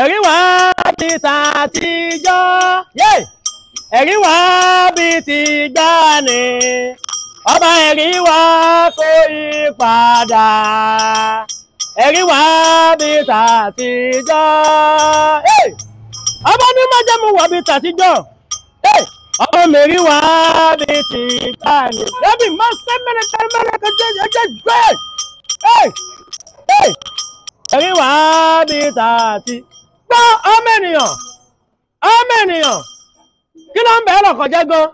ẹ̀rí wá bí tàtijọ́ ẹ̀rí wá bí ti gbà ní ọba ẹ̀rí wá kó yípadà ẹ̀rí wá bí tàtijọ́ ọba ní májẹ̀mú wá bí tàtijọ́ ọba mẹ̀rí wá bí ti gbà ní ẹbí má ṣe mẹ́rẹ̀kẹ́ mẹ́rẹ̀kẹ́ jẹ́ jẹ́ ẹ̀rí wá bí tàtijọ́ tọ́ ọmọ ènìyàn ọmọ ènìyàn kí ló ń bẹ̀rẹ̀ ọkàn jẹ́ gan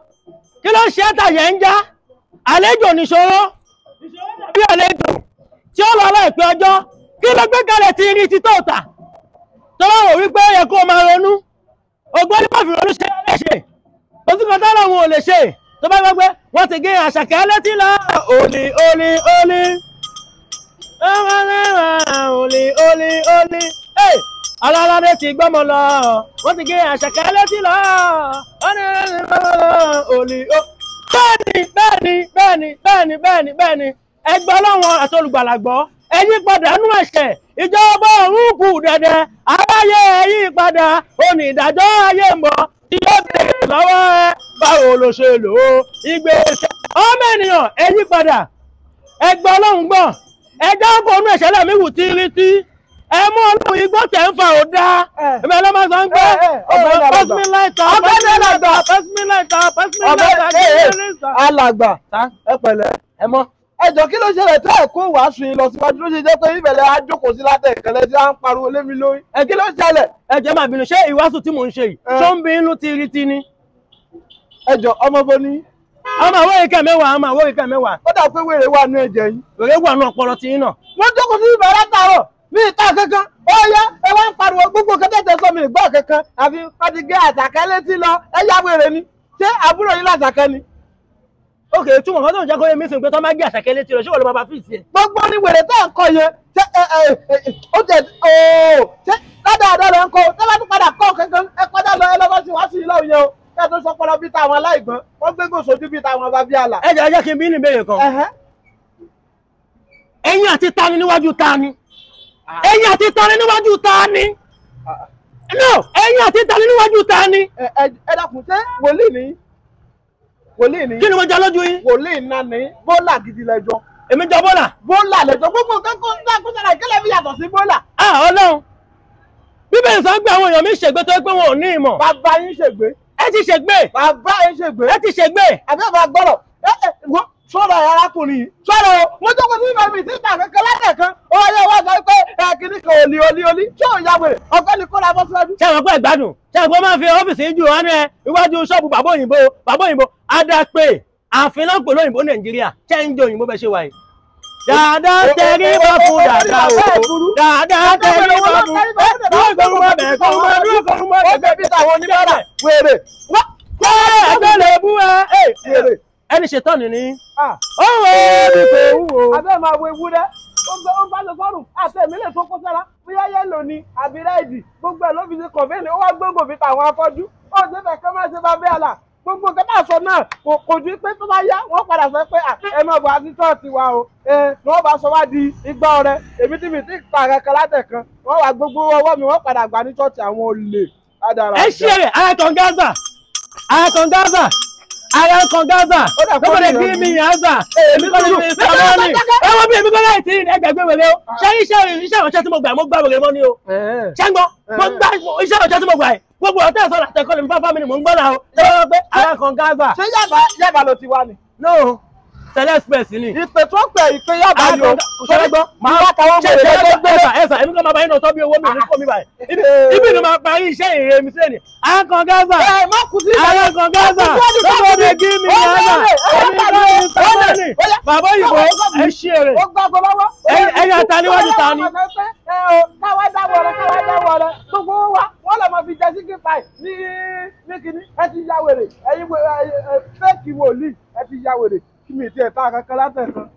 kí ló ń ṣe àtàyẹ̀ ń já àlejò nìṣòro bí àlejò tí ó lọ láìpẹ́ ọjọ́ kí ló gbé kalẹ̀ ti rí ti tóòtà tó bá wò wípé ó yẹ kó o máa ronú ògbọ́n ní pàfihàn ló ṣe lè ṣe oṣù kan tó ò lè ṣe tó bá gbọ́ pé wọ́n ti gé àṣàkẹ́ létí lọ òní òní òní òní òní òní. Alalade ti gbọ́mọ lọ wọ́n ti gé àṣàkẹ́ létí lọ wọ́n ní òlì ó. bẹ́ẹ̀ni bẹ́ẹ̀ni bẹ́ẹ̀ni bẹ́ẹ̀ni bẹ́ẹ̀ni bẹ́ẹ̀ni ẹgbẹ́ ọlọ́run àti olùgbàlàgbọ́ ẹ̀yin padà nú ẹ̀ṣẹ̀ ìjọba òun kù dẹ̀dẹ̀ aráyé ẹ̀yin padà òní ìdájọ́ ayé mọ́ ìyá bèrè lọ́wọ́ ẹ báwo ló ṣe lò ó ìgbésẹ̀ ọmọ ènìyàn ẹ̀yin padà ẹgbẹ́ ọlọ́run gbọ́n ẹjọ́ kò nú ẹ̀ṣẹ̀ lẹ́mí wù tírítíí ẹ ọlọ́run igbó tẹ̀ ń fa ò dáa ẹ̀mí ọlọ́mọdé o gbé ọ̀bẹ o pẹ́sìmíláìtà pẹ́sìmíláìtà pẹ́sìmíláìtà alàgbà ẹ pẹ̀lẹ́ ẹ mọ́ kí ló ṣẹlẹ̀ tẹ́ ẹ̀kọ́ lọ síwájú ló ṣe pé á jókòó sí tí a ń pariwo lémi lórí ẹ kí ló ṣẹlẹ̀. ẹ jẹ́ màá bínú ṣé ìwàásù tí mò ń ṣe yìí ṣó ń bí inú ti rí ti ni. ẹjọ́ ọmọ bo ni. ọmọ àwọn ìka mẹ́wàá ọmọ àwọn ìka mẹ́wàá. ó dà pé wèrè wà nú ẹ̀jẹ̀ yìí. wèrè wà nú ọpọlọ ti yín náà. jókòó sí ìbẹ̀rẹ̀ mi ìta kankan ó yá ẹ wá ń pariwo gbogbo kẹtẹtẹ sọ mi ìgbọ́ kankan àfi wọ́n ti gé àtàkà létí lọ ẹ yá wèrè ni ṣé àbúrò yín látàkà ni. ok túmọ̀ kan tó ń jẹ́ kó yẹ mí sìn pé tó máa gé àtàkà létí lọ ṣé wọ́n ló máa bá fíìsì ẹ̀. gbogbo ni wèrè tá à ń kọ yẹn ṣé ẹ ẹ ó tẹ ooo ṣé dáadáa lọ ń kọ tó bá tún padà kọ kankan ẹ padà lọ ẹ lọ bá ti wá sí ilé òun yẹn o ẹ tó sọ pọlọ bíi táwọn aláìgbọ́n wọ́n gbé gòsòjú bíi táwọn bá bí àlà. ẹ jẹ́ ẹ jẹ́ kí n bí ní ìbéèrè kan ẹ̀yin àti tani níwájú tani ẹ̀yin àti tani níwájú ta ni no ẹ̀yin àti tani níwájú ta ni. ẹ dákun ṣé wòlíì ni wòlíì ni. kí ni mo jẹ lójú yín. wòlíì náà ni bọ́là gidi lẹ́jọ́. èmi jọ bọ́là. bọ́là lẹ́jọ́ gbogbo nǹkan kó ń dákun sára ìkẹ́lẹ́ fi yàtọ̀ sí bọ́là. a ọlọ́run bíbélì sọ pé àwọn èèyàn mi ṣègbè tó pé wọn ò ní ìmọ̀. bàbá yín ṣègbè. ẹ ti ṣègbè. bàbá yín ṣègbè. ẹ ti ṣègbè. àbí ọba gbọ́dọ̀ sọ́ra arákùnrin sọ́ra o mo tó kọ́ sí ìmọ̀ mi síta kankan lẹ́yìn kan ọyọ wa sọ pé ẹ̀kíní kan òlì òlì òlì tí òun ya wèrè ọ̀fẹ́ ni kóra bọ́ síwájú. ṣé àwọn pẹ́ ìgbádùn ṣé àwọn pẹ́ máa ń fi ọ́fíìsì ju ọ̀hánú ẹ iwájú ṣọ́ọ̀bù bàbá òyìnbó bàbá òyìnbó adápè àfin náà pè lóyìnbó nàìjíríà ṣé ń jẹ òyìnbó bẹ ṣe wáyé. dada, tẹrí bá fún dàdá o dàdá tẹrí bá fún dúró gbọ́n ṣètọ́nù ni. ó wọ ẹbí ń wò. abẹ́ máa wo ewúrẹ́ ó bá lọ sọ́rùn àtẹ̀mílẹ̀ tó kó sára bóyá yẹ́lò ni àbí rẹ́ẹ̀dì gbogbo ẹ̀ ló fi ṣe kọ̀fẹ́ẹ̀nì ó wá gbogbo fi tàwọn afọ́jú ó ṣe fẹ́ kẹ́ máa ṣe bá bẹ́ẹ̀ là gbogbo nǹkan sọ náà kò kò ju pé tó bá yá wọn padà sọ pé ẹ máa bọ àti ṣọ́ọ̀ṣì wa o ẹ ni wọn bá sọ wá di igbá ọrẹ èmi tí mi ti pa kankan látẹ̀kan wọn wá gbogbo ọwọ́ mi wọn padà gbà ní ṣọ́ọ̀ṣì àwọn olè. ẹ ṣe ayatollah gaza ayatollah gaza ara kan gaza lọ́kọ̀dẹ̀ kí mi yàn áza èmi kọ́ ni mi sàmọ́ ni ẹ wọ́n bí èmi bẹ́rẹ̀ tí ẹgbẹ̀gbẹ̀ wẹ̀lẹ́ o ah. ṣé iṣẹ́ iṣẹ́ ìrọ̀ṣẹ́ tí mo gbà mo gbà wẹ̀lẹ́ mọ́ ni o eh. ṣé ń gbọ́ mo eh. gbà iṣẹ́ ìrọ̀ṣẹ́ tí mo gbà ẹ̀ gbogbo ọ̀tẹ́ sọ̀rọ̀ àtẹ̀kọ́ ni mi fáfá mi ni mò ń gbọ́ra o ṣé wọ́n pé ara kan gaza. ṣé yàbá yàbá ló ti wá ni tẹ̀lé express ni. ìpè tó pẹ̀ ìpè yàbá yòó sọ́dọ́gbọ́n máa bá kàwọ́ gbèrè lọ́gbọ́n gbèrè. ẹ̀sà èmi kan máa bá yín náà tọ́bí owó mi ò ní kó mi báyìí. ibi ni màá parí iṣẹ́ ìrìn mi sílẹ̀ ni. àákan Gaza àákan Gaza lọ́wọ́ mi gí mi Gaza èmi kan ní sọ́dọ̀nì bàbá òyìnbó ẹ ṣe rẹ̀ ẹ̀yìn àtàníwájú ta ni. káwá dáwọ̀ rẹ̀ káwá dáwọ̀ rẹ̀ gbogbo wa wọ́n lọ mọ fi jẹ sí kípa ní ní kíní ẹ ti ya wèrè ẹ̀yin fẹ́ẹ̀kì wòlíì ẹ ti ya wèrè kí mi tiẹ̀ ta kankan látẹ̀kan